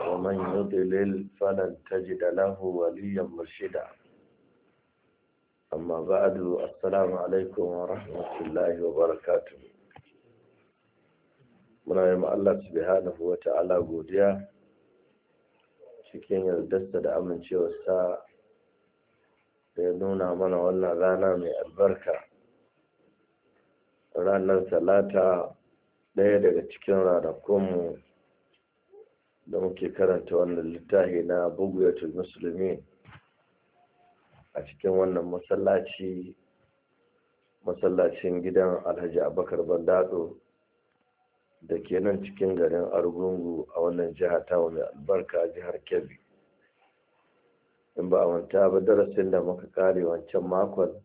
ومن يضلل فلن تجد له وليا مرشدا أما بعد السلام عليكم ورحمة الله وبركاته من yi الله سبحانه وتعالى ta'ala cikin yardarsa da amincewarsa da ya nuna mana wannan rana mai albarka ranar talata ɗaya daga cikin ranakunmu da muke karanta wannan littafi na buguyatul musulmi a cikin wannan masallaci masallacin gidan alhaji abakar bandado da ke nan cikin garin argungu a wannan jiha ta wani albarka jihar kebbi in ba a manta ba darasin da muka kare wancan makon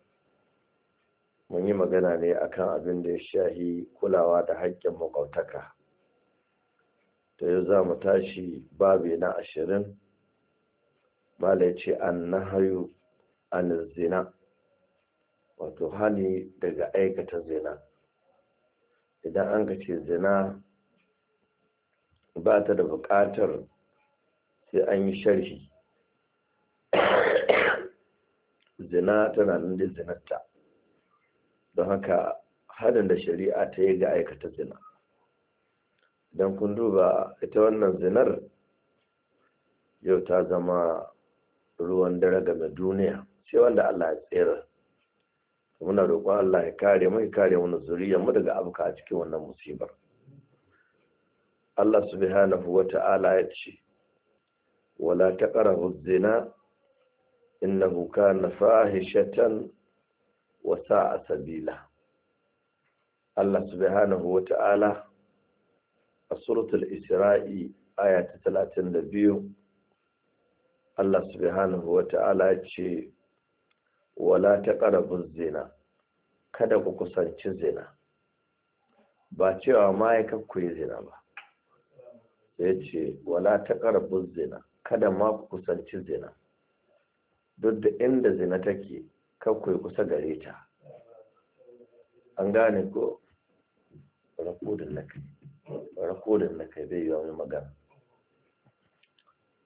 mun yi magana ne akan abin da ya shahi kulawa da haƙƙin maƙautaka ta yau za mu tashi babi na ashirin bala ce an na hayu an zina wato hali daga aikata zina idan an ka ce zina ba ta da bukatar sai an yi sharhi zina tana nan zinarta don haka hadin da shari'a ta yi ga aikata zina don kun duba ita wannan zinar yau ta zama ruwan dare game duniya sai wanda Allah ya tsira muna roƙon Allah ya kare mu ya kare mu zuriyar mu daga abuka a cikin wannan musibar Allah subhanahu ta'ala ya ce wala taqrabu zina innahu kana fahishatan wa sa'a sabila Allah subhanahu wata'ala a suratul isra'i aya ta talatin da biyu Allah subhanahu wa ta'ala ce wala ta ƙarabin zina kada ku kusanci zina ba cewa ma'aikar ku yi zina ba ya ce wala ta ƙarabin zina kada ma ku kusanci zina duk da inda zina take kakwai kusa gare ta an gane ko rakudin na kai rakodin da kai bai yi magana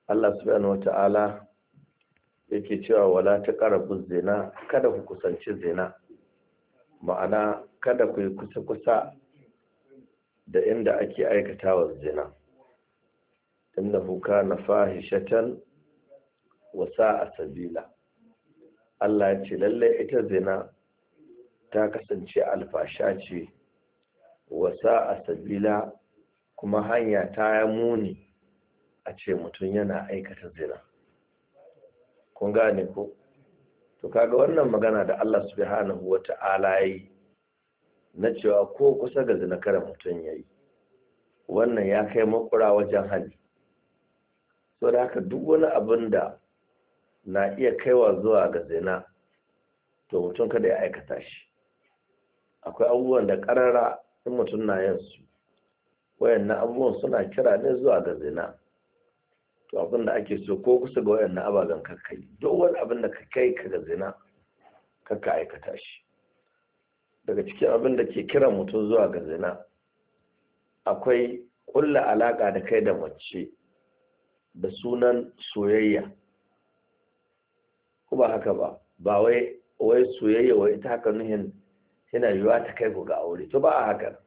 Allah subhanahu ta’ala yake cewa wala ta karabu zina kada ku kusanci zina ma'ana kada ku yi kusa-kusa da inda ake aikatawa zina inda huka na fahishatan wasa a sabila Allah ya ce lallai ita zina ta kasance alfasha ce wasa a sabila kuma hanya ta muni a ce mutum yana aikata zina kun gane ko to kaga wannan magana da Allah subhanahu wata'ala yi na cewa ko kusa ga zina kada mutum yayi wannan ya kai makura wajen hali so da haka duk wani abin da na iya kaiwa zuwa ga zina to mutum kada ya aikata shi akwai abubuwan da karara in mutum na yin su wayannan abubuwan suna kira ne zuwa ga zina to abin da ake so ko kusa ga wayannan ababen kakai duk wani abin da ka kai ka ga zina kakka aikata shi daga cikin abin da ke kira mutum zuwa ga zina akwai kulla alaka da kai da mace da sunan soyayya ko ba haka ba ba wai wai soyayya wai ta haka nuhin yana yiwuwa ta kai ku ga aure to ba a haka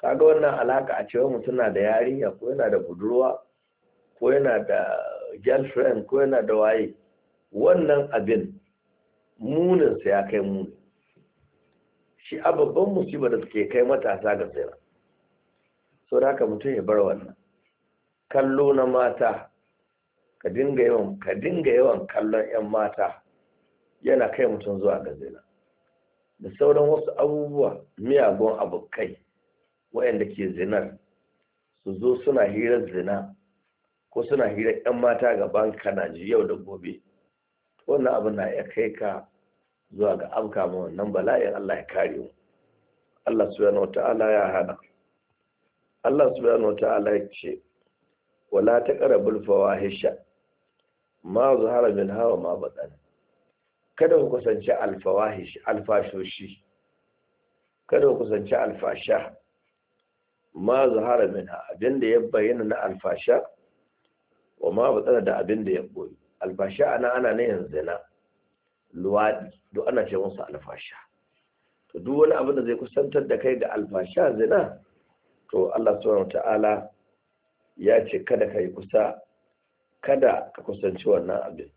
kaga wannan alaka a cewa mutum na da yarinya ko yana da budurwa ko yana da girlfriend ko yana da waye wannan abin muninsa ya kai muni shi a babban musibar da suke kai matasa ga tsira so da haka mutum ya bar wannan kallo na mata ka dinga yawan kallon 'yan mata yana kai mutum zuwa ga da sauran wasu abubuwa miyagun abokai waɗanda ke zinar su zo suna hirar zina ko suna hirar 'yan mata gaban kanaji yau da gobe wannan abu na ya kai ka zuwa ga abka ma wannan bala'in Allah ya kare mu Allah subhanahu wata'ala ya hana Allah subhanahu wata'ala ya ce wala taqrabul fawahisha ma zuhara min hawa ma batana kada ku kusanci alfawahish alfashoshi kada ku kusanci alfasha ma zahara minha abinda ya bayyana na alfasha wa ma batsara da abinda ya boye alfasha ana ana ne yanzu na luwadi do ana ce musu alfasha to duk wani abin da zai kusantar da kai da alfasha zina to Allah subhanahu ta'ala ya ce kada kai kusa kada ka kusanci wannan abin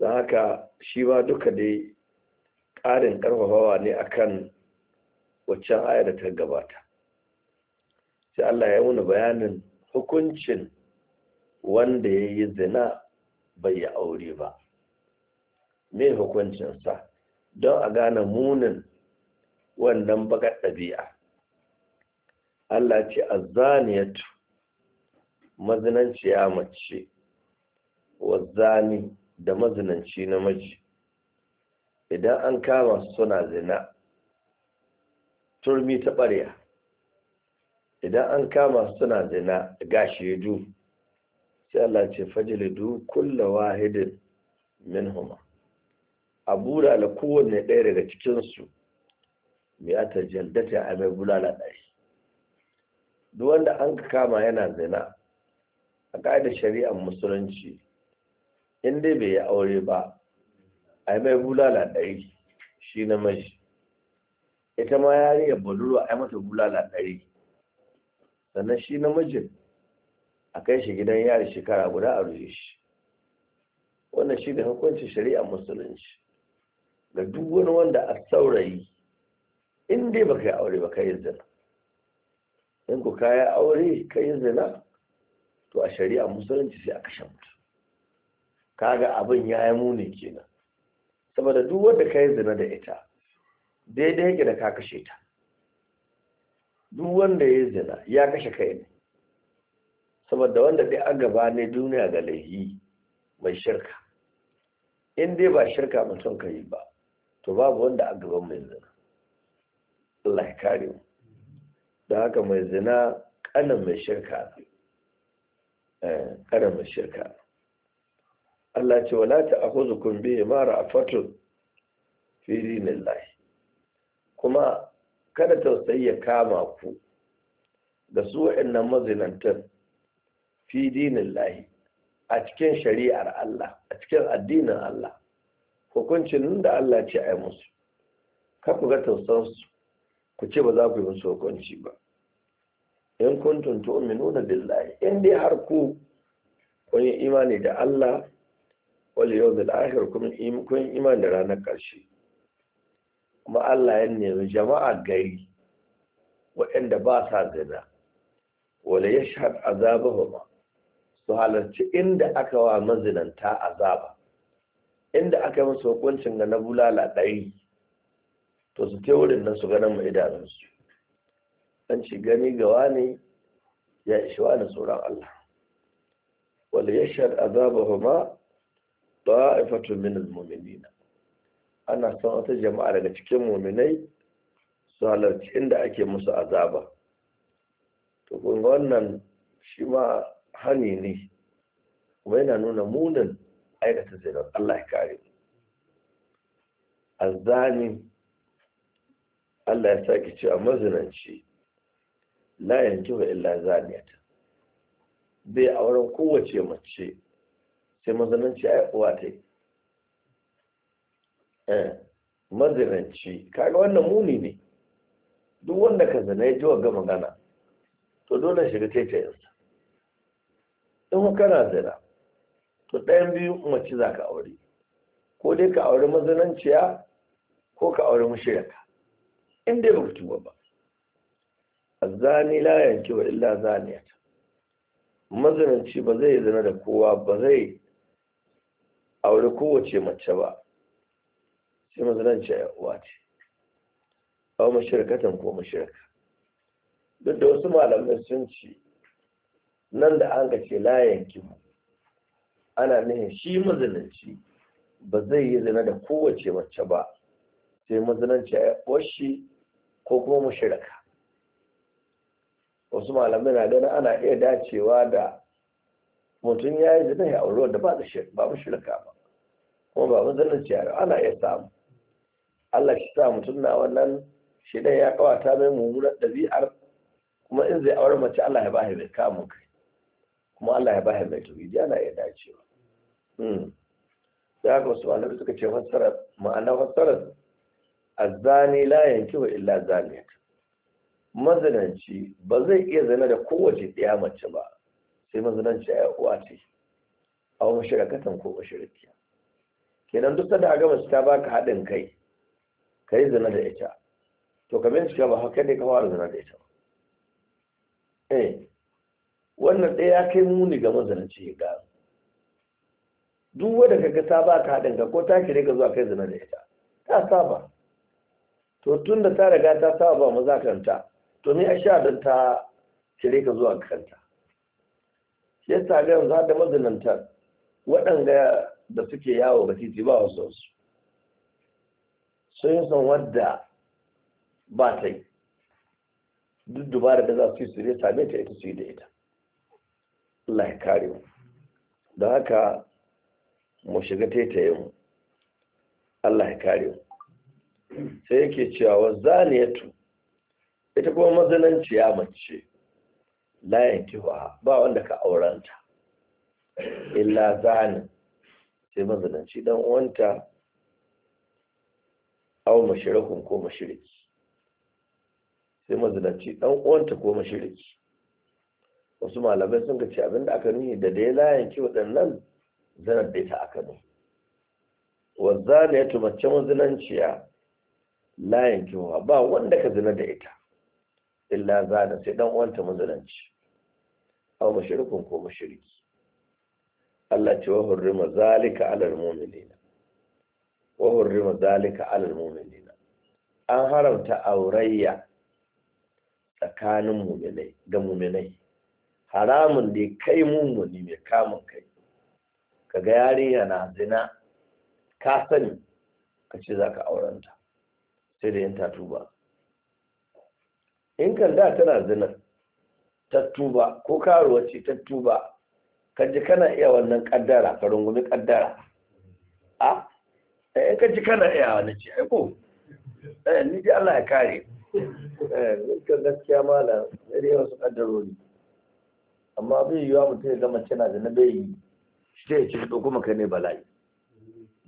don haka shi ba duka dai ƙarin ƙarfafawa ne akan waccan aya da ta gabata sai Allah ya wuni bayanin hukuncin wanda ya yi zina bai yi aure ba mai hukuncinsa don a gane munin wannan baka ɗabi'a Allah ce a azzaniyatu ya mace wazzani da mazinanci namiji idan an kama suna zina turmi ta ɓarya idan an kama su suna zina ga shaidu sai Allah ce fajilidu kulla wahidin min huma a kowanne ɗaya daga cikinsu mai ta jaldata a mai bulala ɗari duk wanda an kama yana zina a ƙa'idar shari'ar musulunci in dai bai yi aure ba a yi mai bulala ɗari shi na mashi ita ma ya riya budurwa a yi mata bulala ɗari sannan shi namijin a kai shi gidan yari shekara guda a rushe shi wannan shi da hukuncin shari'a musulunci ga duk wani wanda a saurayi in dai ba ka yi aure ba ka yi zina in ku ka yi aure ka yi zina to a shari'a musulunci sai a kashe mutum kaga abin ya yi muni kenan saboda duk wanda ka yi zina da ita daidai yake da ka kashe ta duk wanda ya yi zina ya kashe kai ne saboda wanda dai an gaba ne duniya ga laihi mai shirka in dai ba shirka mutum ka yi ba to babu wanda a gaban mai zina Allah ya kare mu da haka mai zina kanan mai shirka kanan eh, mai shirka Allah ce wala ta'khuzukum mara mara'atun fi dinillahi kuma kada tausayi ya kama ku da su wa'annan mazinantar fi dinillahi a cikin shari'ar Allah a cikin addinin Allah hukuncin da Allah ce ai musu ka ku ga tausansu ku ce ba za ku yi musu hukunci ba in kuntum tu'minuna billahi in dai har ku kun yi imani da Allah wali yau da lahir kuma kun iman da ranar ƙarshe kuma Allah ya nemi jama'a gari waɗanda ba sa zina Wani ya shahad ba su halarci inda aka wa mazinanta azaba inda aka yi masu hukuncin ga na bulala ɗari to su ke wurin nan su ganin mu idanunsu an ci gani gawa wani ya ishi wani tsoron Allah Wani ya shahad ba ta'ifatu min al muminin ana son wata jama'a daga cikin mu'minai su halarci inda ake musu azaba to kun ga wannan shi ma hani ne kuma yana nuna munin aikata zinar Allah ya kare azani Allah ya sake a mazinanci la yankihu illa zaniyata bai auren kowace mace sai mazinanci ai uwa ta eh mazinanci kaga wannan muni ne duk wanda ka zana ya ji wa magana to dole shiga taitayinsa in kana zana, to ɗayan biyu mace za ka aure ko dai ka aure mazinanciya ko ka aure mashirka in dai baka ba zani la yanki wa illa zaniyat Mazananci ba zai zana da kowa ba zai aure kowace mace ba sai mazalan ce uwa ce wani shirkatan ko mashirka duk da wasu malamai sun ce nan da an ga ce layan kimu ana nihin shi mazalanci ba zai yi zina da kowace mace ba sai mazalanci a shi ko kuma mashirka wasu malamai na gani ana iya dacewa da mutum ya yi zina ya auri wanda ba da shirka mu shirka ba kuma ba zina ciyar ana iya samu Allah shi sa mutum na wannan shi dai ya kawata mai mummunar ɗabi'ar kuma in zai aure mace Allah ya bahi mai kamun kai kuma Allah ya bahi mai tauhidi ana iya dacewa hmm. da haka wasu malamai suka ce fassara ma'ana fassara azzani la yanki wa illa zaniyat mazinanci ba zai iya zana da kowace ɗaya mace ba sai mazinan ce ya uwa ce a wani shirakatan ko mashirikiya kenan duk da aga mace ta baka haɗin kai ka yi zina da ita to ka bincika ba haka ne ka fara zina da ita eh wannan ɗaya ya kai muni ga mazinanci ya gano duk wadda kaga ta baka haɗin ka ko ta kire ka zuwa kai zina da ita ta saba to tun da ta riga ta saba ba mazakanta to ni a sha don ta kire ka zuwa kanta shi ya sa yanzu da mazinanta waɗanda da suke yawo ba titi ba wasu wasu sun san wadda ba ta yi duk dubara da za su yi su ne same ta ita su yi da ita Allah ya kare mu don haka mu shiga yi mu Allah ya kare mu sai yake cewa wa zaniyatu ita kuma ya mace layin tiwa ba wanda ka auranta illa zanin sai mazalanci dan uwanta au mashirikun ko mashiriki sai mazalanci dan uwanta ko mashiriki wasu malamai sun ce abinda aka nuhi da dai layin ki waɗannan zanar da ita aka nuhi wa zani ya tumace mazinanciya layin kiwa ba wanda ka zina da ita illa zana sai dan uwanta mazalanci aw mushrikun ko mushriki Allah ce wa hurrima zalika alal mu'minina wa hurrima zalika alal mu'minina an haramta aurayya tsakanin mu'minai ga mu'minai haramun da kai mummuni mai kamun kai kaga yarinya na zina ka sani ka ce za ka aurenta sai da yin tatuba in kan da tana zinar tattuba ko karuwa ce tattuba ka ji kana iya wannan kaddara ka rungumi kaddara a eh ka ji kana iya wani ce ai ko eh ni dai Allah ya kare eh ka gaskiya malam dai wasu kaddarori amma bai yiwa mutum ya gama cina da na bai yi shi ya ci ko kuma kai ne bala'i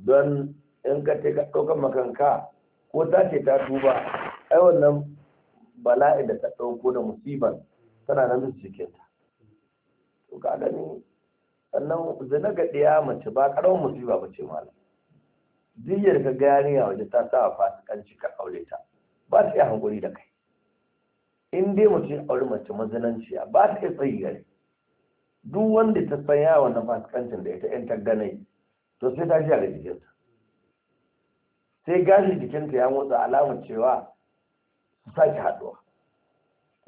don in ka ce ka ɗaukan makanka ko ta ce ta tuba ai wannan bala'i da ta ɗauko da musibar tana nan ta to ga gani sannan zina ga ɗaya mace ba ƙaramin musiba ba ce malam duk ka gani a waje ta sa fasikanci ka aure ta ba ta iya hankuri da kai in dai mutum ya aure mace mazinanciya ba ta iya tsayi gare duk wanda ta san ya wannan fasikancin da ita yan tagganai to sai ta ji a jikinta sai gashi jikinta ya motsa alamar cewa su sake haɗuwa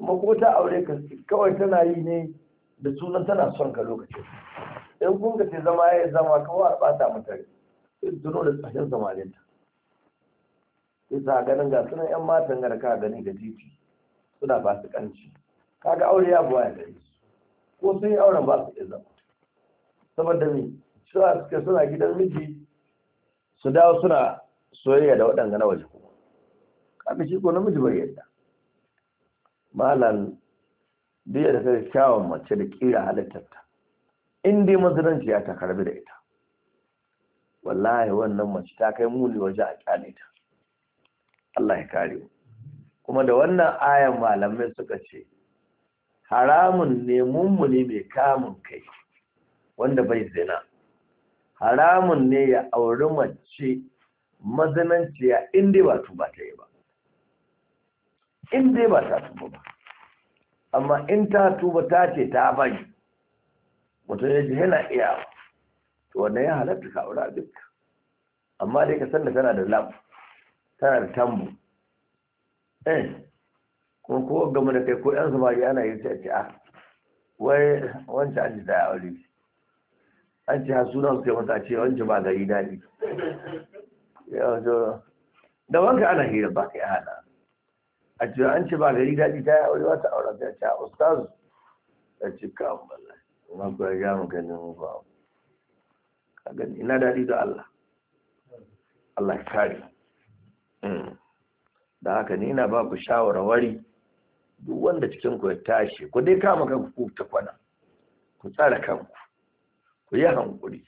kuma kuma ta aure ka kawai tana yi ne da sunan tana son ka lokacin in kun ka ce zama ya zama kawai a bata mata in tuno da tsakin samarinta isa ganin ga sunan yan matan gara ka gani ga titi suna ba su kanci kaga aure ya buwa ya gari ko sun yi auren ba su iya saboda me suna suke suna gidan miji su dawo suna soyayya da waɗanda na waje kuma kafin shi ko namiji bai yadda malam biya da kai kyawun mace da kira halittarta in dai mazuranci ya ta karbi da ita wallahi wannan mace ta kai muni waje a kyale ta Allah ya kare kuma da wannan ayan malamai suka ce haramun ne mai kamun kai wanda bai zina haramun ne ya auri mace mazinanciya inda ba tuba ta yi in dai ba ta tuba ba amma in ta tuba ta ce ta bari mutum ya ji yana iya to wannan ya halatta ka aura abinka amma dai ka san da tana da lab tana da tambu eh ko ko gama da kai ko yan samari ana yi ta ce a ah, wai wancan an ji da aure an ce ha suna su kai mata ce wancan ba gari na ne da wanka ana hira ba ka yi hana a ce an ce ba gari daɗi ta yi aure wata aure ta ce ustazu ta ce kawo bala balla amma ku ya gama ganin mu ba ka gani ina daɗi da Allah Allah ya kare mm. da haka ne ina ba ku shawarwari duk wanda cikin ku ya tashi ku dai kama kanku ku ta kwana ku tsara kanku ku yi hankuri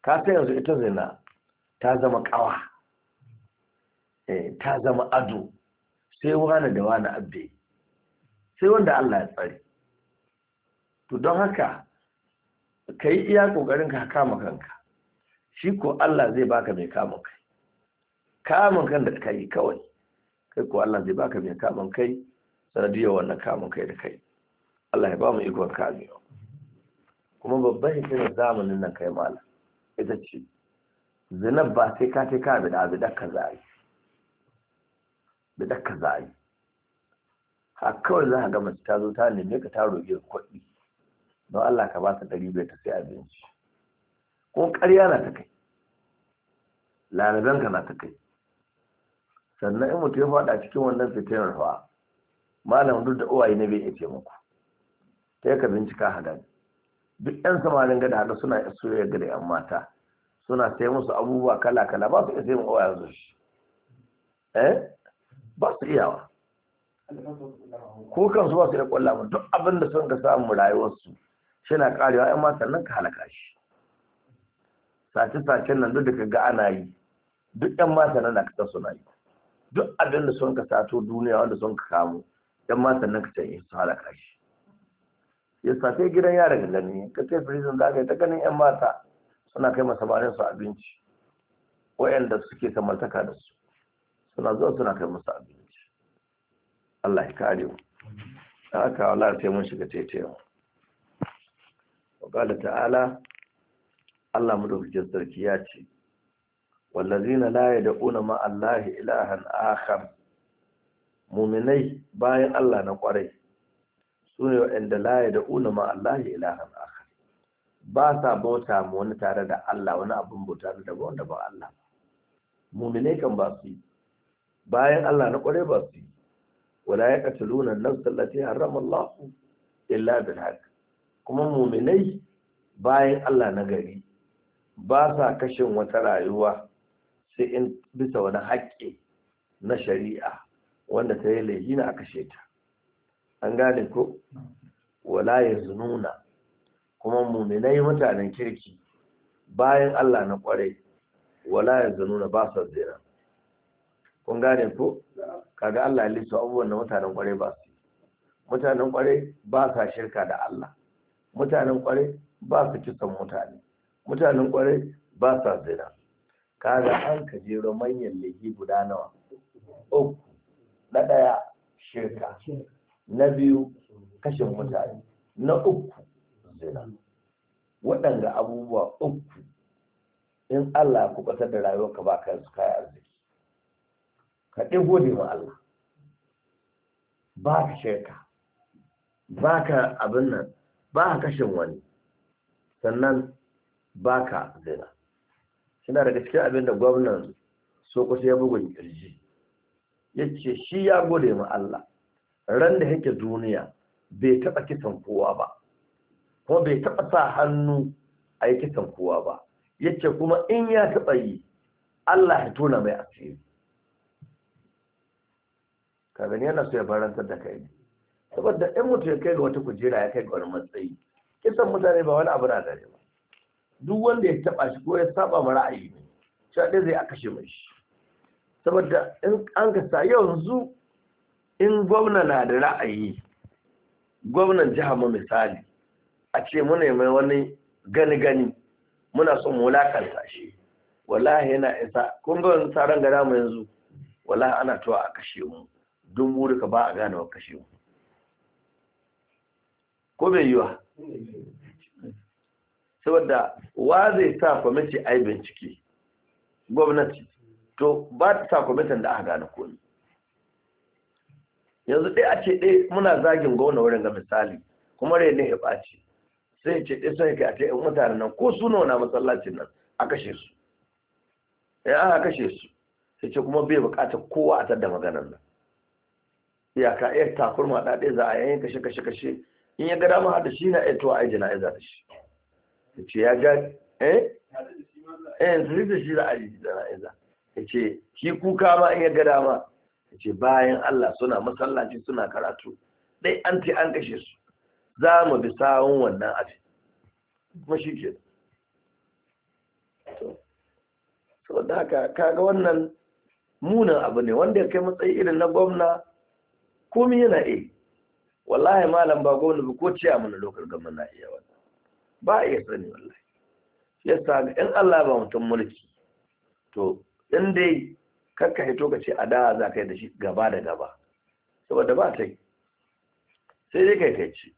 ka san yanzu ita zina ta zama kawa eh, ta zama ado sai wane da wani abbe sai wanda Allah ya tsare to don haka ka yi iya ƙoƙarin ka kama kanka shi ko Allah zai baka mai kama kai kamun kan da ka yi kawai kai ko Allah zai baka mai kama kai sanadiyar wannan kama kai da kai Allah ya ba mu ikon kamewa kuma babban hikimar zamanin nan kai mala ita ce zinab ba sai ka ta ka bi da abu da ka zai da daka za a yi har kawai za a gama ta zo ta neme ka ta roƙe kuɗi don Allah ka ba ta ɗari bai ta sai abinci ko ƙarya na ta kai Larabanka na ta kai sannan in mutu ya faɗa cikin wannan fitinar fa malam duk da uwaye ne bai iya ce muku yi ka bincika hadan duk yan samarin gada haɗa suna iya soyayya ga da yan mata suna sai musu abubuwa kala kala ba su iya sai mu uwaye su shi eh? ba su iyawa ko kan ba su da kwalla ba duk abin da sun ka samu rayuwarsu shi na karewa yan matan nan ka halaka shi sace-sacen nan duk da ka ga ana yi duk yan matan nan na ta suna yi duk abin da sun ka sato duniya wanda sun ka kamo yan matan nan ka yi eh, su halaka shi ya sace gidan yara ga gani ka ce prison za ka yi ta ganin yan mata suna kai masamarin su abinci wayanda suke samartaka da su suna zuwa suna kai musu abinci Allah ya kare mu haka Allah sai mun shiga taitayo wa qala ta'ala Allah dauki sarki ya ce wallazina la yad'una ma Allah ilahan akhar mu'minai bayan Allah na kwarai sune wanda la yad'una ma Allah ilahan akhar ba sa bauta mu wani tare da Allah wani abun bauta da ba wanda ba Allah muminai kan ba su yi bayan Allah na kware ba su yi, wala ya kataluna na allati harrama Allah illa bil haka. kuma mu'minai bayan Allah na gari ba sa kashin wata rayuwa sai in bisa wani haƙƙi na shari'a wanda ta yi laifi na aka ta an gane ko wala ya zununa kuma muminai mutanen kirki bayan Allah na kware wala ya zununa ba sa zira kun gane ko kaga Allah ya lissu abubuwan da mutanen kwarai ba su mutanen kwarai ba sa shirka da Allah mutanen kwarai ba su kisan mutane mutanen kwarai ba sa zina kaga an ka jero manyan laifi guda nawa uku na ɗaya shirka na biyu kashin mutane na uku zina waɗanda abubuwa uku in Allah ya kubatar da rayuwarka ba ka su kayan arziki ka ɗin gode wa Allah ba ka shirka ba ka abin nan ba ka kashin wani sannan ba ka zina suna daga cikin abin da gwamnan kusa ya bugun kirji ya ce shi ya gode ma Allah ran da yake duniya bai taɓa kisan kowa ba kuma bai taɓa sa hannu a yi kisan kowa ba ya ce kuma in ya taɓa yi Allah ya tona mai asiri ka gani yana so ya barantar da kai saboda in mutum ya kai ga wata kujera ya kai ga wani matsayi kisan mutane ba wani abu na dare ba duk wanda ya taba shi ko ya saba ma ra'ayi ne shi ɗaya zai a kashe mai shi saboda in an ka yanzu in gwamna na da ra'ayi gwamnan jiha mu misali a ce muna mai wani gani gani muna son mulakanta shi wallahi yana isa kun ga wani taron gada mu yanzu wallahi ana tuwa a kashe mu duk ka ba a gane wa kashe ko bai yiwa saboda wa zai sa kwamiti a yi bincike gwamnati to ba ta sa kwamitin da aka gane komi yanzu ɗaya a ce ɗaya muna zagin gwamna wurin ga misali kuma rai ne ya ɓaci sai ce ɗaya sun a ce mutane nan ko suna wana masallacin nan a kashe su ya eh, aka kashe su sai ce kuma bai bukatar kowa a da maganar nan ka iya takurma ɗaɗe za a yayin kashe kashe kashe in ya ga dama da shi na iya tuwa ai jana'iza da shi ya ce ya ga eh eh zai da shi za a yi jana'iza ya ce shi kuka ma in ya ga dama ya ce bayan Allah suna masallaci suna karatu dai an ce an kashe su za mu bi sawun wannan abin kuma shi ke saboda haka kaga wannan munin abu ne wanda ya kai matsayi irin na gwamna komi yana iya wallahi malam ba gwamna ba ko ciya mana lokar gaman na iya wannan ba a iya sani wallahi sa ga in Allah ba mutum mulki to in dai karka hito ka ce a da za ka yi da shi gaba da gaba saboda ba ta yi sai dai kai kai ce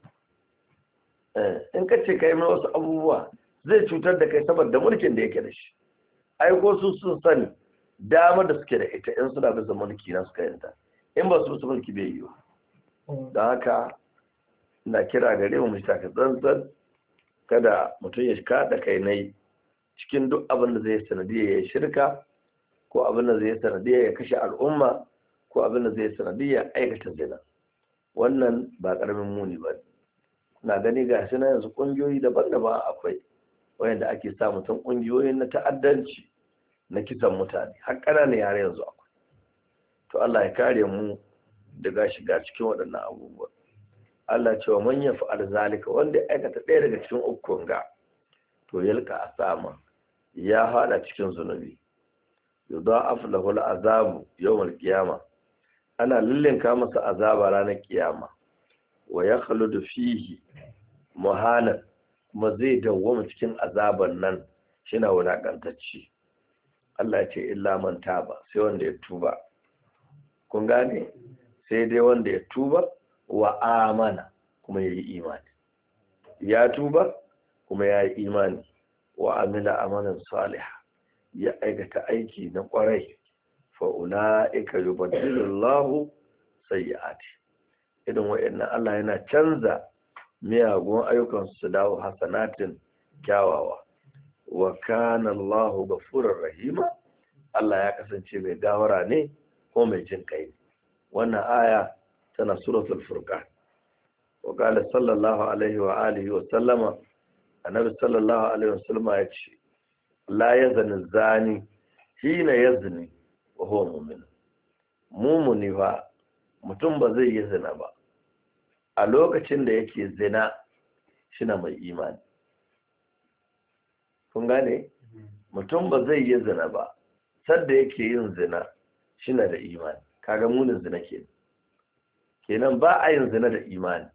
eh, in ka ce ka yi mai wasu abubuwa zai cutar da kai saboda mulkin da yake da shi Aiko su sun sani damar da suke da ita in suna bisa mulki na suka yanta in ba su su mulki bai yi da haka na kira gare mu mista ka tsantsan kada mutum ya da kai nai cikin duk abin da zai sanadiyya ya shirka ko abin da zai sanadiyya ya kashe al'umma ko abin da zai sanadiyya aikata zina wannan ba karamin muni ba na gani ga shi na yanzu kungiyoyi daban-daban akwai wayanda ake sa mutum kungiyoyin na ta'addanci na kisan mutane har ƙananan yare yanzu to Allah ya kare mu daga shiga cikin waɗannan abubuwa Allah cewa man ya fa'al zalika wanda ya aikata ɗaya daga cikin ukun ga to yalka asama ya hada cikin zunubi yudha'af lahu al'azabu yawm al-qiyama ana ka masa azaba ranar kiyama wa yakhlud fihi muhalan kuma zai dawwama cikin azaban nan shi shina wulakantacci Allah ya ce illa man taba sai wanda ya tuba kun gane sai dai wanda ya tuba wa amana kuma ya yi imani ya tuba kuma ya yi imani wa amina amanan saliha ya aikata aiki na kwarai fa'una ika ya ati idan wa'annan Allah yana canza miyagun ayyukan su dawo hasanatin kyawawa wa lahu ga furar rahima Allah ya kasance mai gawara ne ko mai jin kai wannan aya tana suratul furqan wa qala sallallahu alaihi wa alihi wa sallama annabi sallallahu alaihi wa sallama ya ce la yazani zani hina yazni wa huwa mu'min mu'mini fa mutum ba zai yi zina ba a lokacin da yake zina shina mai imani kun gane mm-hmm. mutum ba zai yi zina ba sadda yake yin zina shina da imani kaga munin zina ke kenan ba a yin zina da imani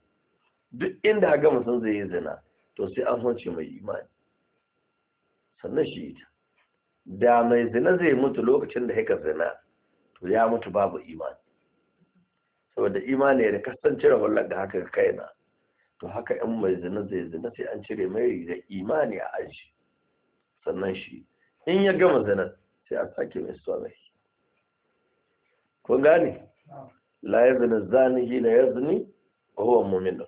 duk inda gama mutum zai yi zina to sai an hance mai imani sannan shi ita da mai zina zai mutu lokacin da haika zina to ya mutu babu imani saboda imani ya da kasan cire wallan da haka kaina to haka in mai zina zai zina sai an cire mai da imani a aji sannan shi in ya gama zina sai a sake mai suwa mai kun gane la yazni zani hina yazni wa huwa mu'min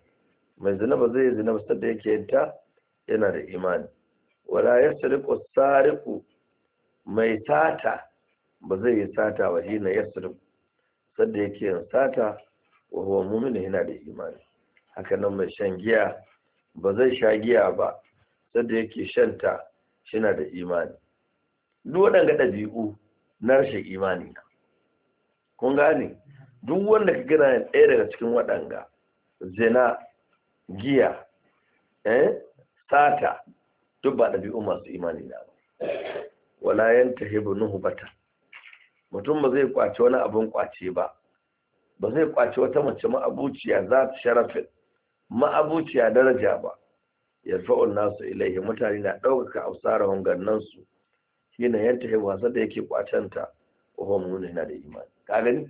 mai zina ba zai zina ba da yake yanta yana da imani wala yasriqu sariqu mai sata ba zai yi sata ba hina yasriqu sadda yake yin sata wa huwa mu'min yana da imani haka nan mai shan giya ba zai sha giya ba sadda yake shanta shi na da imani duk waɗanda ɗabi'u na rashin imani na kun gane duk wanda ka gina ɗaya daga cikin waɗanga zina giya eh sata duk ba ɗabi'u masu imani na ba wala yanta hibu nuhu bata mutum ba zai kwace wani abin kwace ba ba zai kwace wata mace ma'abuciya za ta sharafin ma'abuciya daraja ba ya fa'un nasu ilaihi mutane na ɗaukaka absarahun gannansu shi na yanta hibu da yake kwacenta wa mun yana da imani ka gani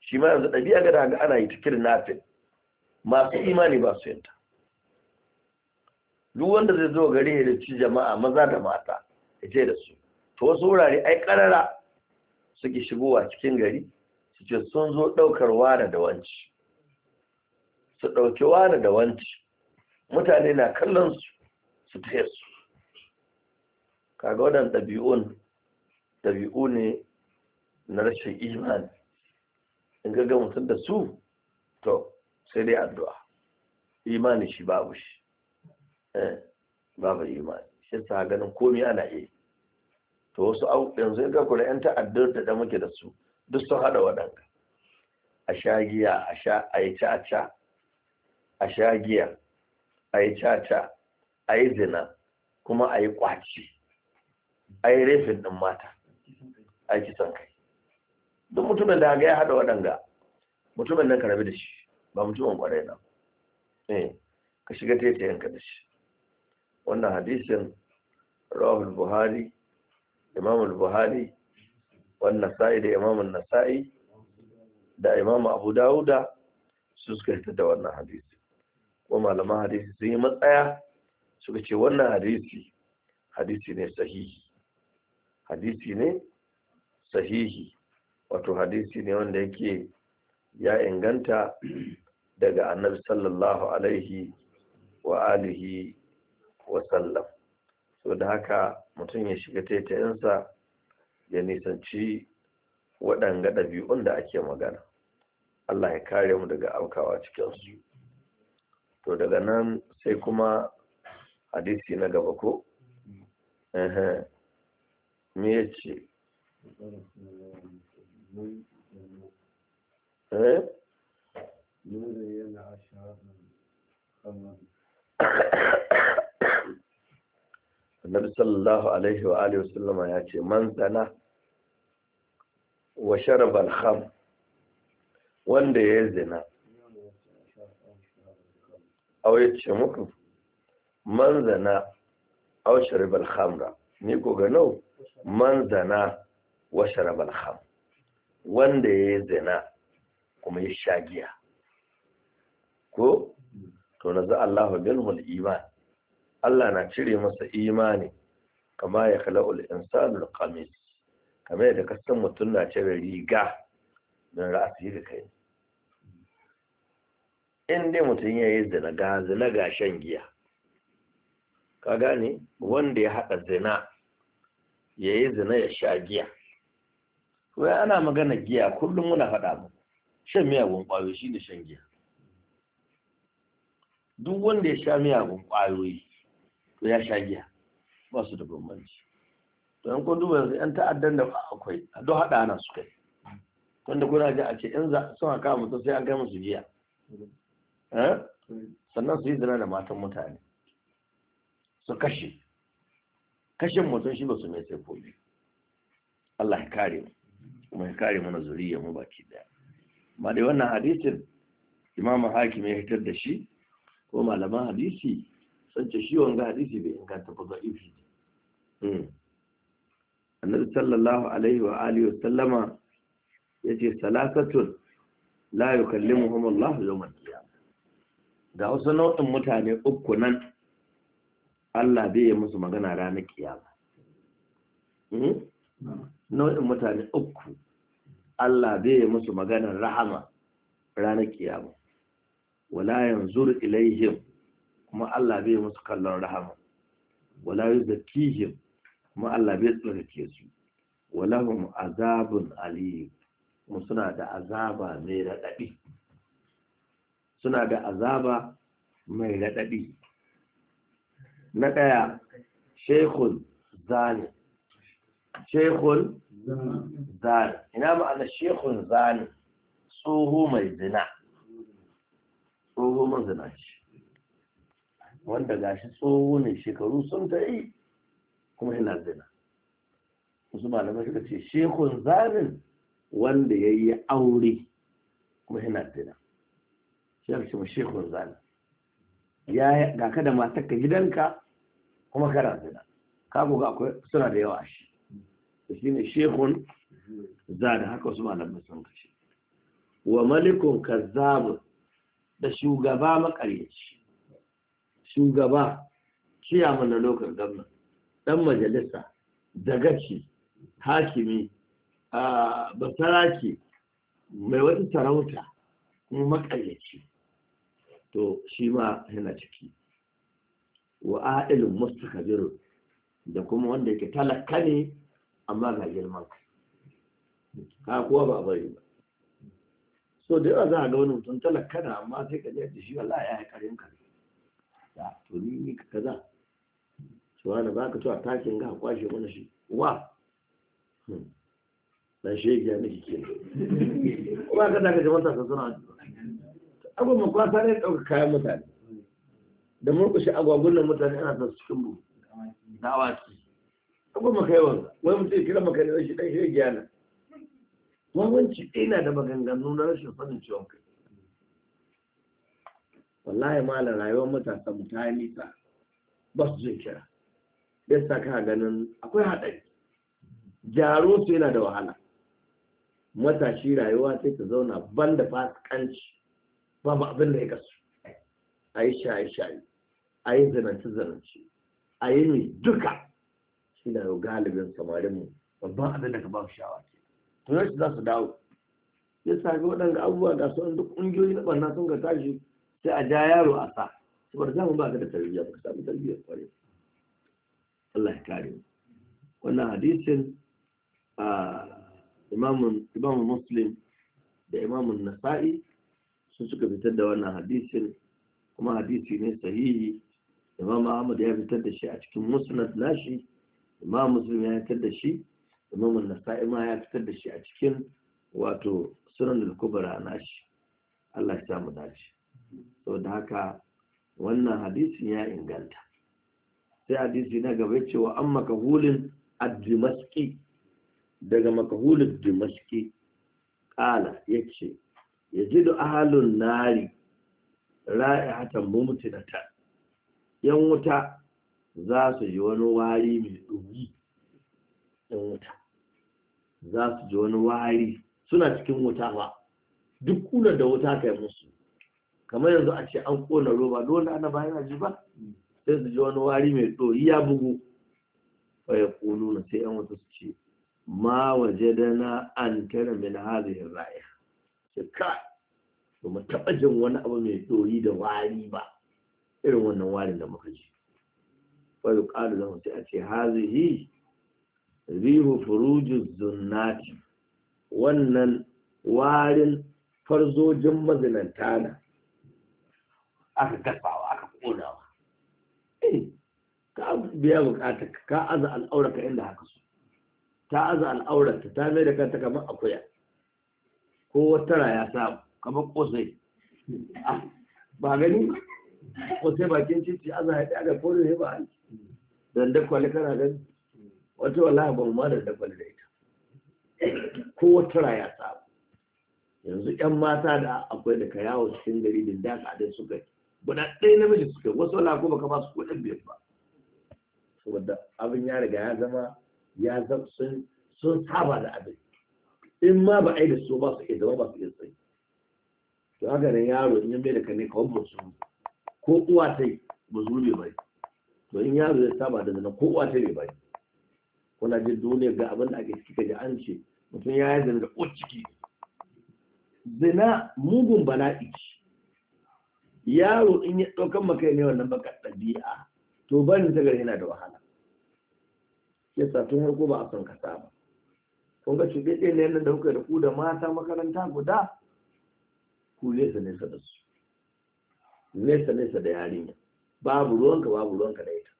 shi ma yanzu ɗabi'a ga daga ana yi tikir nafil masu imani ba su yanta duk wanda zai zo gari ya da ci jama'a maza da mata ya ce da su to wasu wurare ai karara suke shigowa cikin gari su ce sun zo ɗaukar wane da wanci su ɗauki da wanci mutane na kallon su su taya su kaga waɗanda ɗabi'u ne na rashin imani in ga mutum da su to sai dai addu'a imani shi babu shi eh, babu imani shi sa ganin komi ana iya to wasu yanzu ga kula yan ta'addar da da muke da su duk sun hada waɗanka a sha giya a sha a yi caca a sha giya a yi caca a yi zina kuma a yi kwaci a yi rafin ɗin mata a yi kisan kai duk mutumin da ga ya hada waɗanga mutumin nan ka da shi ba mutumin kwarai nan eh ka shiga taitayen ka da shi wannan hadisin Rahul buhari imamul buhari wannan sa'i da imamun nasa'i da imamu abu dawuda su suka hita da wannan hadisi ko malaman hadisi sun yi matsaya suka ce wannan hadisi hadisi ne sahihi hadisi ne sahihi wato hadisi ne wanda yake ya inganta daga annabi sallallahu alaihi wa alihi wa sallam so da haka mutum ya shiga taitayensa ya nisanci waɗanga ɗabi'un da ake magana Allah ya kare mu daga aukawa cikinsu to daga nan sai kuma hadisi na gaba ko me ya ce sallallahu alaihi wa alihi wasallama ya ce man zana wa sharabal kham wanda ya zina aw ya ce muku man zana aw sharabal khamra ni ko ga nau man zana wa sharabal kham wanda ya zina kuma ya sha giya ko to na za Allahu minhul iman Allah na cire masa imani kama ya khala'ul insanu qamis kama yadda kasan mutum na cire riga don ra'asi da kai in dai mutum ya yi zina ga zina ga shan giya ka gane wanda ya haɗa zina ya yi zina ya sha giya wai ana magana giya kullum muna faɗa mu shan miyagun ƙwayoyi shi ne shan giya duk wanda ya sha miyagun ƙwayoyi to ya sha giya ba su da bambanci to yan kun duba yanzu yan ta'addan da ba akwai don haɗa ana su kai wanda kuna ji a ce yan sun haka mutum sai an kai musu jiya eh? sannan su yi zina da matan mutane su kashe kashin mutum shi ba su mai sai komi Allah ya kare mu mai ya kare mana zuriya mu baki daya ma dai wannan hadisin imam hakim ya hitar da shi ko malaman hadisi sun ce shi wanga hadisi bai inganta ba ga ne Hmm. annabi sallallahu alaihi wa alihi wasallama yace salasatun la yukallimuhum Allah yawmal qiyamah Da wasu nau'in mutane uku nan Allah bai yi musu magana ranar kiyama hmm? nau'in mutane uku Allah bai yi musu magana rahama ranar kiyama wala yanzur ilaihim kuma Allah bai musu kallon rahama wala yuzakkihim kuma Allah bai tsarki su walahum azabun aliyu kuma suna da azaba mai radadi suna da azaba mai radadi na ɗaya shaykhul zane shaykhul zane ina ma'ana shaykhul zane tsoho mai zina tsoho mai zina shi wanda gashi tsoho ne shekaru sun ta yi kuma yana zina wasu malamai suka ce shekun zanin wanda ya yi aure kuma yana zina shi ya ce shekun zanin ya ga ka da mata ka gidanka kuma na zina ka ga akwai suna da yawa shi shi ne shekun zarin haka wasu malamai sun kashe wa malikun kazzabun da shugaba makaryaci shugaba ciyaman na lokar gwamnan ɗan majalisa dagaci hakimi basaraki mai wata sarauta kuma makayyaci to shi ma yana ciki wa ailin kabiru da kuma wanda yake talaka ne amma ga girman ka kuwa ba bari ba so da yawa za a ga wani mutum talaka na amma sai ka je da shi wallahi ya yi karin ka to ni kaza wani ba ka cewa takin ga kwashe mana shi wa hmm. Na shege ya nake ke ba ka daga jama'a ta suna abu mun kwasa ne ɗauka kayan mutane da murkushe agwagunan mutane ana ta cikin mu da awaki abu mun kai wanga wai mutum kira maka ne shi ɗan shege na. wawanci ina da maganganu na rashin sanin ciwon kai wallahi da rayuwar matasa mutane ta ba su zai kira Yasa sa ka ganin akwai haɗari gyaro su yana da wahala matashi rayuwa sai ta zauna ban da fasikanci babu abin da ya kasu a yi shaye-shaye a yi zanance-zanance a yi mai duka shi na yau galibin samarinmu babban abin da ka ba shawa ke to shi za su dawo ya sami waɗanda abubuwa ga su duk ƙungiyoyi na ɓarna sun ga tashi sai a ja yaro a sa saboda zamu ba ka da tarbiyya ba ka sami tarbiyyar kwarai Allah ya kare mu wannan hadisin a imamu muslim da imamun nasa'i sun suka fitar da wannan hadisin kuma hadisi ne sahihi imamu ahmad ya fitar da shi a cikin musnad nashi imamu muslim ya fitar da shi imamun nasa'i ma ya fitar da shi a cikin wato sunan al-kubra nashi Allah ya samu dace saboda haka wannan hadisin ya inganta sai hadisi na gaba cewa an makahulin ad-dimaski daga makahulin dimaski kala yace yajidu ahalun nari ra'ihatan mumtinata yan wuta za su ji wani wari mai dumi yan wuta za su ji wani wari suna cikin wuta ba duk kuna da wuta kai musu kamar yanzu a ce an kona roba dole ana bayan ji ba sai su ji wani wari mai ɗori ya bugu fa ya nuna sai yan wasu su ce ma waje da na an tara min hazihin raya ce ka ba mu taɓa jin wani abu mai ɗori da wari ba irin wannan warin da muka ji fa ya ƙalu zama sai a ce hazihi rihu furuju zunnati wannan warin farzojin mazinanta na aka gasawa aka ƙonawa Eh, ka biya bukatar ka aza al'aurata inda haka su ta aza al'aurata, ta mai da kanta kamar akuya ko wata raya ta kamar kosai ba gani kosai bakin titi aza ya ɗaga kone ne ba danda kwali kana gani wata wala ba ma danda kwali da ita ko wata raya ta yanzu 'yan mata da akwai da ka yawo cikin gari da daga ka adin su guda ɗaya namiji suka wasu wala kuma ka ba su kuɗin biyar ba saboda abin ya riga ya zama ya sun sun saba da abin in ma ba ai da su ba su iya zama ba su iya tsayi to haka nan yaro in ya mai da ka ne kawai ba ko uwa ta yi ba su bai bai to in yaro ya saba da zana ko uwa ta yi bai kuna jin duniya ga abin da ake ciki ka ji an ce mutum ya yi zana da uwar ciki zina mugun bala'i ce yaro in ya ɗaukan maka ne wannan baka ɗabi'a to ba ni sagar yana da wahala ya sa tun harko ba a son kasa ba kun ga cuɗe ɗaya ne da kuka da ku da mata makaranta guda ku nesa nesa da su nesa nesa da yarinya babu ruwanka babu ruwanka da ita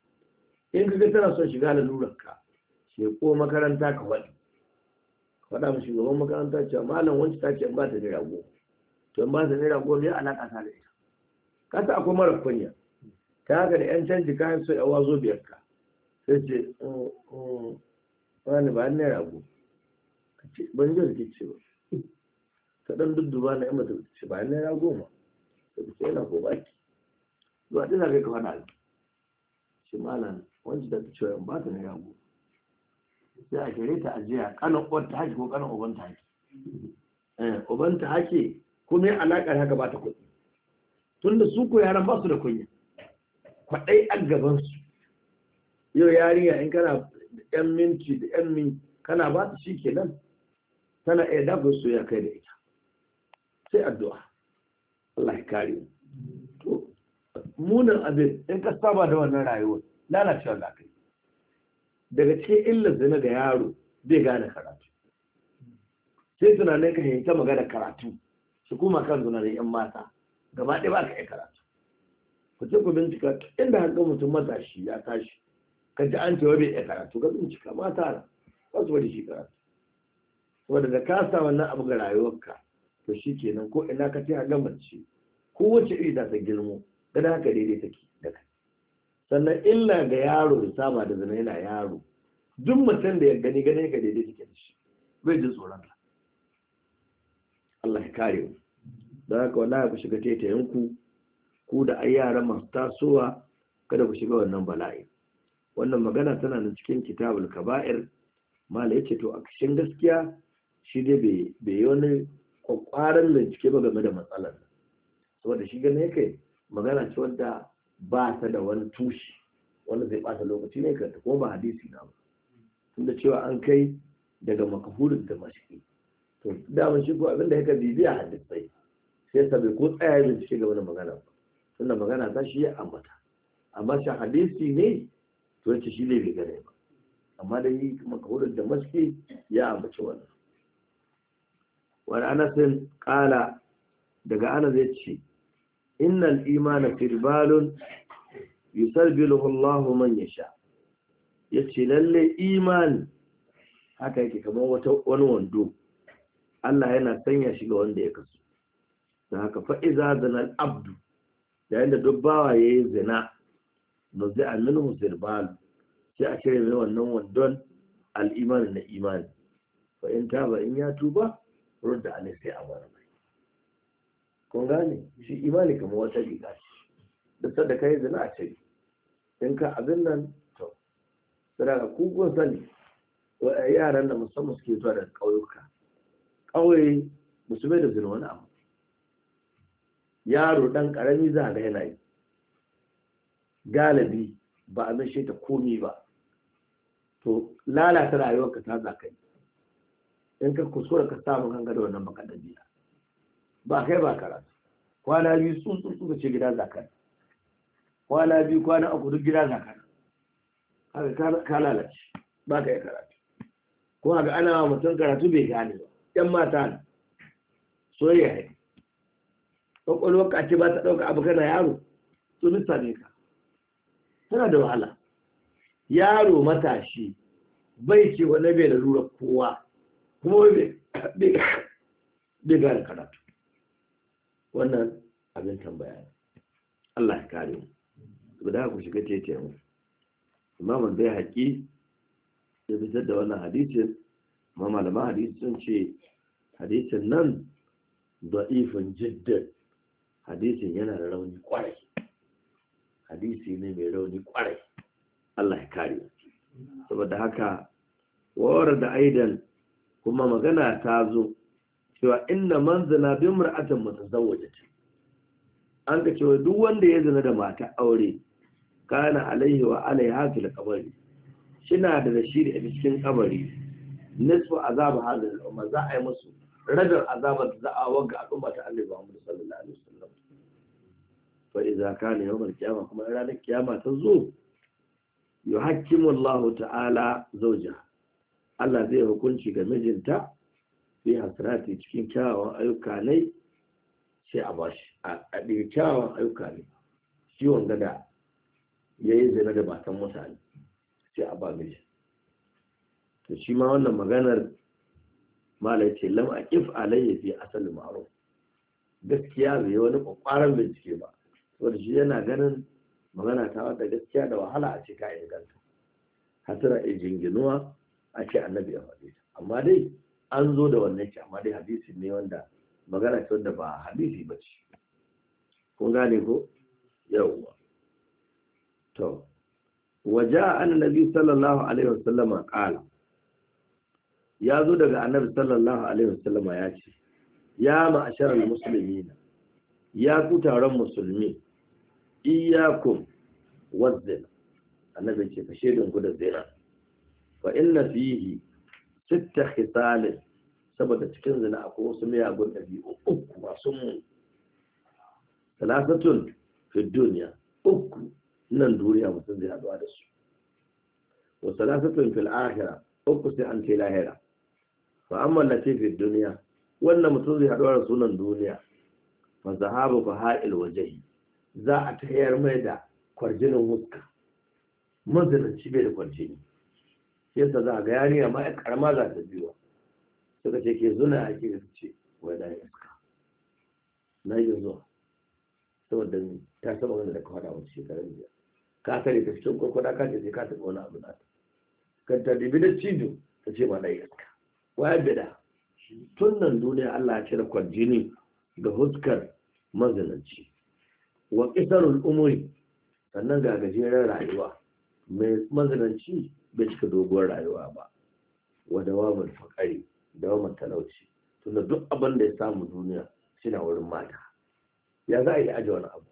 in ka ga tana son shiga da ke ko makaranta ka faɗi faɗa mu shugaban makaranta cewa malam wancan ta ce ba ta ne goma to ba ta ne goma ne alaƙa ta da ita kasa akwai mara kunya ta haka da 'yan canji kayan so yawa zo biyar ka sai ce mm, mm, wani ba ne rago ban ji ce ba ta dan dudduba na yamma ta ce ba ne rago ma ta ce yana ko ba baki ba ta zaga ka wani alu shi malam wancan da ta ce yan ba ta ne rago sai a kere ta ajiya kanan uwar ta haki ko kanan uban ta haki eh, uban ta haki kuma ya alaƙar haka ba ta kuɗi tunda su ko yaran ba su da kunya kwaɗai a gaban su yau yarinya in kana yan minti da yan min kana ba su shi nan. tana iya dafa su ya kai da ita sai addu'a Allah ya kare to munan abin in ka saba da wannan rayuwar lalacewa da kai daga cikin illar zina ga yaro zai gane karatu sai tunanin ka hinta magana karatu su kuma kan zunanin yan mata gaba ɗaya ba ka yi karatu ku ce ku bincika inda haka mutum matashi ya tashi ka ji an cewa bai iya karatu ka bincika mata na ba su wani shi karatu wanda da ka sa wannan abu ga rayuwarka to shi kenan ko ina ka ce a shi? ko wace iri ta girmo gada haka daidai take da kai sannan illa ga yaro da saba da zina yana yaro duk mutum da ya gani gani ka daidai take da shi bai jin tsoron Allah ya kare mu da haka wallahi ku shiga taitayenku ku da ai yara masu tasowa kada ku shiga wannan bala'i wannan magana tana nan cikin kitabul kaba'ir mala yace to a cikin gaskiya shi dai bai bai wani kwakwaran cike ba game da matsalar saboda shi gane kai magana ce wanda ba ta da wani tushe wanda zai bata lokaci ne ka ko ba hadisi na ba tunda cewa an kai daga makahurin da mashiki to daman shi ko abinda yake bibiya hadisai sai yasa bai ko tsaya shi ga wannan magana ba tunda magana ta shi ya ambata amma shi hadisi ne to yace shi ne bai gane ba amma da yi makahurin da maski ya ambaci wannan wani anasin qala daga ana zai ce innal imana firbalun yusalbiluhu Allahu man yasha yace lalle imani haka yake kamar wata wani wando Allah yana sanya shi ga wanda ya kasu da haka fa'iza zana abdu yayin da duk bawa ya yi zina ba zai annin musulman sai a cire mai wannan wandon al'imani na imani fa in ba in ya tuba rudda alai sai a mara mai kun gane shi imani kamar wata riga ce da sadda ya zina a cire in ka abin nan to sadaka kugun sani yaran da musamman suke zuwa daga ƙauyuka ƙauye musulmai da zina wani abu yaro dan karami za ga yana yi galibi ba a zan ta komi ba to lalata rayuwar ta za ka yi in ka kuskura ka samu kanka da wannan baka dabi'a ba kai ba karatu kwana biyu sun suka ce gida za ka kwana biyu kwana uku duk gida za ka haka ka lalace ba ka yi karatu kuma ga ana mutum karatu bai gane ba yan mata soyayya ne kwakwalwar ka ce ba ta ɗauka abu kana yaro to lissame ka tana da wahala yaro matashi bai ce wani bai da lura kowa kuma bai gane karatu wannan abin tambaya Allah ya kare mu da ku shiga tete mu imamun bai haƙi ya fitar da wannan hadisin ma malaman ce hadisin nan za'ifin jiddan hadisin yana da rauni kwarai hadisi ne mai rauni kwarai Allah ya kare saboda haka wawar da aidan kuma magana ta zo cewa inna man zina bin mur'atan mutazawwaja an ga cewa duk wanda ya zina da mata aure kana alaihi wa alaiha fil qabri shina da rashidi a cikin kabari nisfu azab hadal umma za a yi musu radar azabar da za a waga al'umma ta Allah mu sallallahu alaihi wasallam fa idza kana yawmal qiyama kuma ranar kiyama ta zo yuhakkimu Allah ta'ala zawja Allah zai hukunci ga mijinta fi hasrati cikin kyawawan ayyuka ne sai a bashi a ɗaya kyawawan ayyuka ciwon gada ya yi zina da batan mutane sai a ba miji to shi ma wannan maganar malai ce lam a kif alayya fi asali ma'ruf gaskiya bai wani kwakwaran bincike ba saboda shi yana ganin magana ta wadda gaskiya da wahala a cika a inganta hasira a jinginuwa a ce annabi ya faɗi amma dai an zo da wannan shi amma dai hadisi ne wanda magana ce wanda ba hadisi ba ce kun gane ko yawwa to waja nabi sallallahu alaihi wasallama qala ya zo daga annabi sallallahu alaihi wasallama ya ce ya ma'asharal muslimina ya ku taron musulmi iyakum wazzina annabi ce ka don ku zira fa inna fihi sitta khisalin saboda cikin zina akwai wasu miyagun ɗabi'u uku masu mu talatatun fi duniya uku nan duniya mutum zai haɗuwa da su wa talatatun fil akhirah uku sai an tela lahira fa amma lati fi duniya wannan mutum zai haɗuwa da sunan duniya fa zahabu fa ha'il wajhi za a tayar mai da kwarjinin wuska mazinanci bai da kwarjini yasa za a ga yariya ma karama za ta biyo suka ce ke zuna a ke ce wai na iska na yi zuwa saboda ta saba wani da ka hada wata shekarun jiya ka kare ta ko kwada ka ce ka taɓa wani abu na ta kan ta dibi da cijo ta ce ba na iska waya bida tun nan duniya allah ya cire kwarjini ga huskar mazinanci wa ƙisarul umuri sannan ga gajeren rayuwa mai mazinanci bai cika doguwar rayuwa ba wa dawamul dawa mai talauci tunda duk abin da ya samu duniya suna wurin mata ya za a yi aji wani abu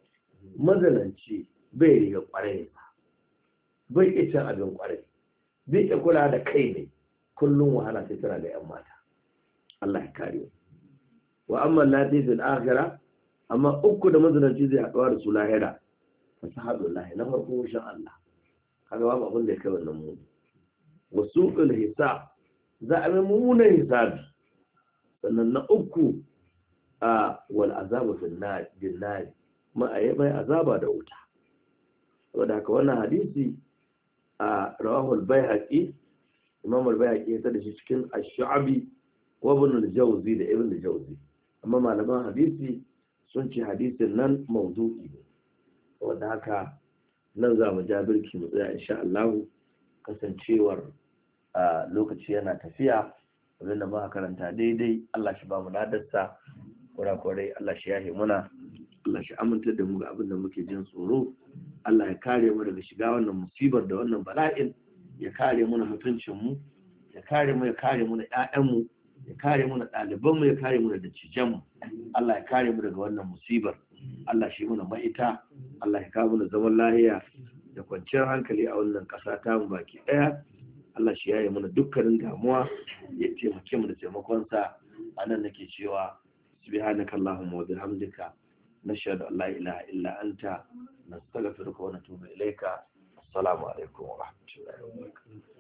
mazinanci bai riga ne ba bai iya cin abin kwarai. bai iya kula da kai ne kullum wahala sai tana da yan mata Allah ya kare wa amma lafizul akhirah amma uku da mazinanci zai haɗuwa da su lahira ta ta haɗu lahira na farko shan Allah Haka babu abin da ya kai wannan mu wasu hisa za a mai mummunan hisabi sannan na uku a wal azabu fil nar mai azaba da wuta wadda haka wannan hadisi a rawahul haƙi imam al haƙi ya da shi cikin ashabi shuabi wa ibn da ibin da ibn amma malaman hadisi sun ce hadisin nan mawdu'i ne wanda haka nan za mu ja birki mu tsaya insha Allah kasancewar lokaci yana tafiya abin da muka karanta daidai Allah shi ba mu ladarsa kurai Allah shi yahe muna Allah shi aminta da mu ga abin da muke jin tsoro Allah ya kare mu daga shiga wannan musibar da wannan bala'in ya kare mu mutuncin mu ya kare mu ya kare mu na ƴaƴan mu ya kare mu na mu ya kare mu da mu Allah ya kare mu daga wannan musibar Allah shi mu ma'ita Allah ya kawo mu zaman lahiya da kwanciyar hankali a wannan ƙasa ta mu baki ɗaya Allah shi yaye mana dukkanin damuwa ya taimake mu da taimakonsa a nan nake cewa subhanaka allahumma wa bihamdika nashhadu an la ilaha illa anta nastaghfiruka wa natubu ilayka assalamu alaikum wa rahmatullahi wa barakatuh